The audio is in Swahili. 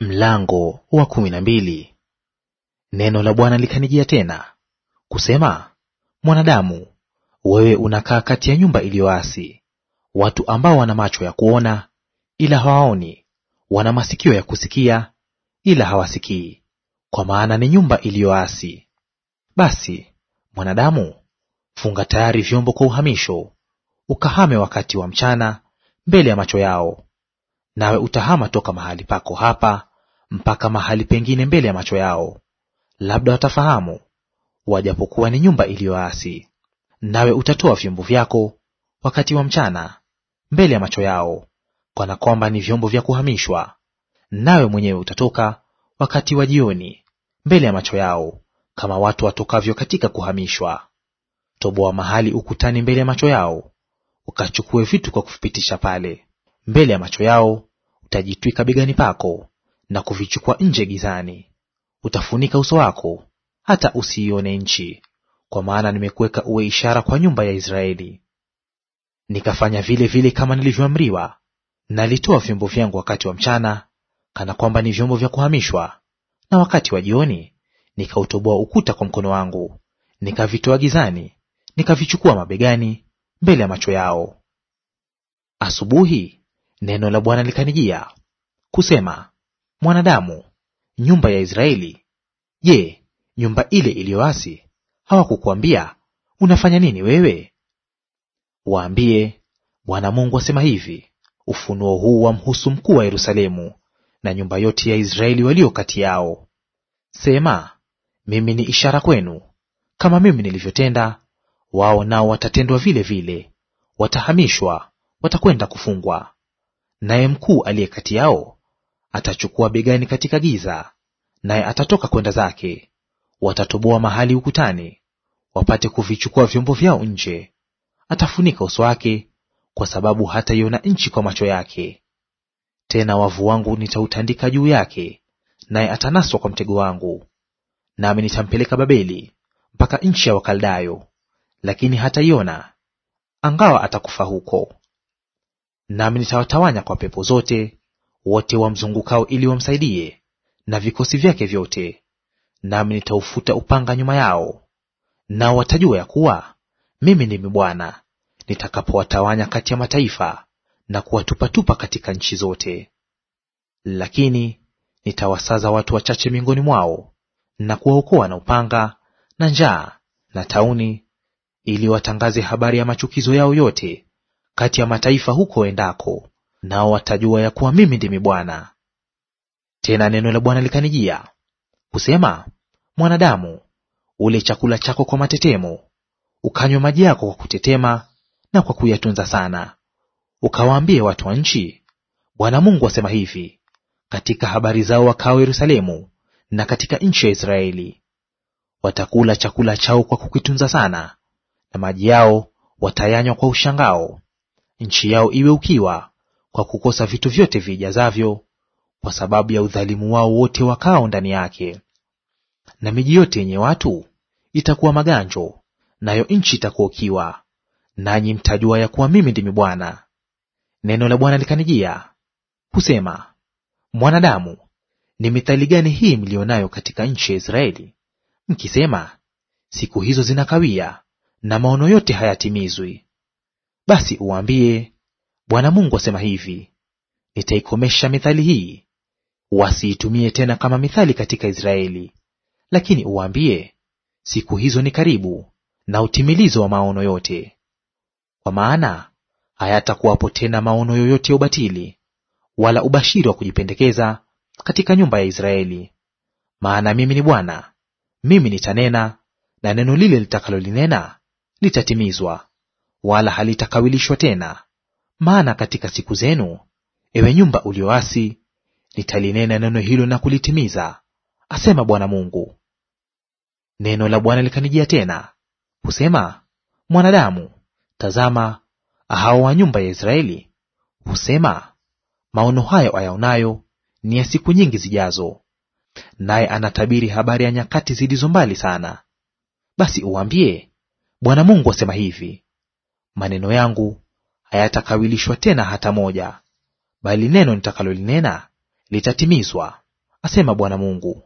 Mlango wa kumi na mbili. Neno la Bwana likanijia tena kusema, mwanadamu, wewe unakaa kati ya nyumba iliyoasi, watu ambao wana macho ya kuona ila hawaoni, wana masikio ya kusikia ila hawasikii, kwa maana ni nyumba iliyoasi. Basi mwanadamu, funga tayari vyombo kwa uhamisho, ukahame wakati wa mchana mbele ya macho yao, nawe utahama toka mahali pako hapa mpaka mahali pengine mbele ya macho yao, labda watafahamu, wajapokuwa ni nyumba iliyoasi. Nawe utatoa vyombo vyako wakati wa mchana mbele ya macho yao, kana kwamba ni vyombo vya kuhamishwa. Nawe mwenyewe utatoka wakati wa jioni mbele ya macho yao, kama watu watokavyo katika kuhamishwa. Toboa mahali ukutani mbele ya macho yao, ukachukue vitu kwa kuvipitisha pale mbele ya macho yao Utajitwika begani pako na kuvichukua nje gizani. Utafunika uso wako hata usiione nchi, kwa maana nimekuweka uwe ishara kwa nyumba ya Israeli. Nikafanya vile vile kama nilivyoamriwa, nalitoa vyombo vyangu wakati wa mchana kana kwamba ni vyombo vya kuhamishwa, na wakati wa jioni nikautoboa ukuta kwa mkono wangu, nikavitoa gizani, nikavichukua mabegani, mbele ya macho yao. Asubuhi Neno la Bwana likanijia kusema, mwanadamu, nyumba ya Israeli, je, nyumba ile iliyoasi hawakukuambia unafanya nini wewe? Waambie, Bwana Mungu asema hivi, ufunuo huu wa mhusu mkuu wa Yerusalemu na nyumba yote ya Israeli walio kati yao. Sema, mimi ni ishara kwenu, kama mimi nilivyotenda, wao nao watatendwa vile vile, watahamishwa, watakwenda kufungwa naye mkuu aliye kati yao atachukua begani katika giza, naye atatoka kwenda zake. Watatoboa mahali ukutani, wapate kuvichukua vyombo vyao nje. Atafunika uso wake, kwa sababu hataiona nchi kwa macho yake. Tena wavu wangu nitautandika juu yake, naye atanaswa kwa mtego wangu. Nami nitampeleka Babeli, mpaka nchi ya Wakaldayo, lakini hataiona, angawa atakufa huko. Nami nitawatawanya kwa pepo zote wote wamzungukao ili wamsaidie, na vikosi vyake vyote; nami nitaufuta upanga nyuma yao. Nao watajua ya kuwa mimi ndimi Bwana nitakapowatawanya kati ya mataifa na kuwatupatupa katika nchi zote. Lakini nitawasaza watu wachache miongoni mwao na kuwaokoa na upanga na njaa na tauni, ili watangaze habari ya machukizo yao yote kati ya mataifa huko endako, nao watajua ya kuwa mimi ndimi Bwana. Tena neno la Bwana likanijia kusema, mwanadamu, ule chakula chako kwa matetemo, ukanywe maji yako kwa kutetema na kwa kuyatunza sana, ukawaambie watu wa nchi, Bwana Mungu asema hivi katika habari zao wakao Yerusalemu na katika nchi ya Israeli. Watakula chakula chao kwa kukitunza sana, na maji yao watayanywa kwa ushangao, nchi yao iwe ukiwa kwa kukosa vitu vyote viijazavyo, kwa sababu ya udhalimu wao wote wakao ndani yake. Na miji yote yenye watu itakuwa maganjo, nayo nchi itakuwa ukiwa, nanyi mtajua ya kuwa mimi ndimi Bwana. Neno la Bwana likanijia kusema, mwanadamu, ni mithali gani hii mliyo nayo katika nchi ya Israeli, mkisema, siku hizo zinakawia na maono yote hayatimizwi? Basi uambie Bwana Mungu asema hivi, nitaikomesha mithali hii, wasiitumie tena kama mithali katika Israeli. Lakini uambie siku hizo ni karibu, na utimilizo wa maono yote. Kwa maana hayatakuwapo tena maono yoyote ya ubatili, wala ubashiri wa kujipendekeza katika nyumba ya Israeli. Maana mimi ni Bwana, mimi nitanena, na neno lile litakalolinena litatimizwa wala halitakawilishwa tena. Maana katika siku zenu, ewe nyumba ulioasi, nitalinena neno hilo na kulitimiza, asema Bwana Mungu. Neno la Bwana likanijia tena kusema, mwanadamu, tazama, hao wa nyumba ya Israeli husema, maono hayo ayaonayo ni ya siku nyingi zijazo, naye anatabiri habari ya nyakati zilizo mbali sana. Basi uambie, Bwana Mungu asema hivi, maneno yangu hayatakawilishwa tena hata moja, bali neno nitakalolinena litatimizwa, asema Bwana Mungu.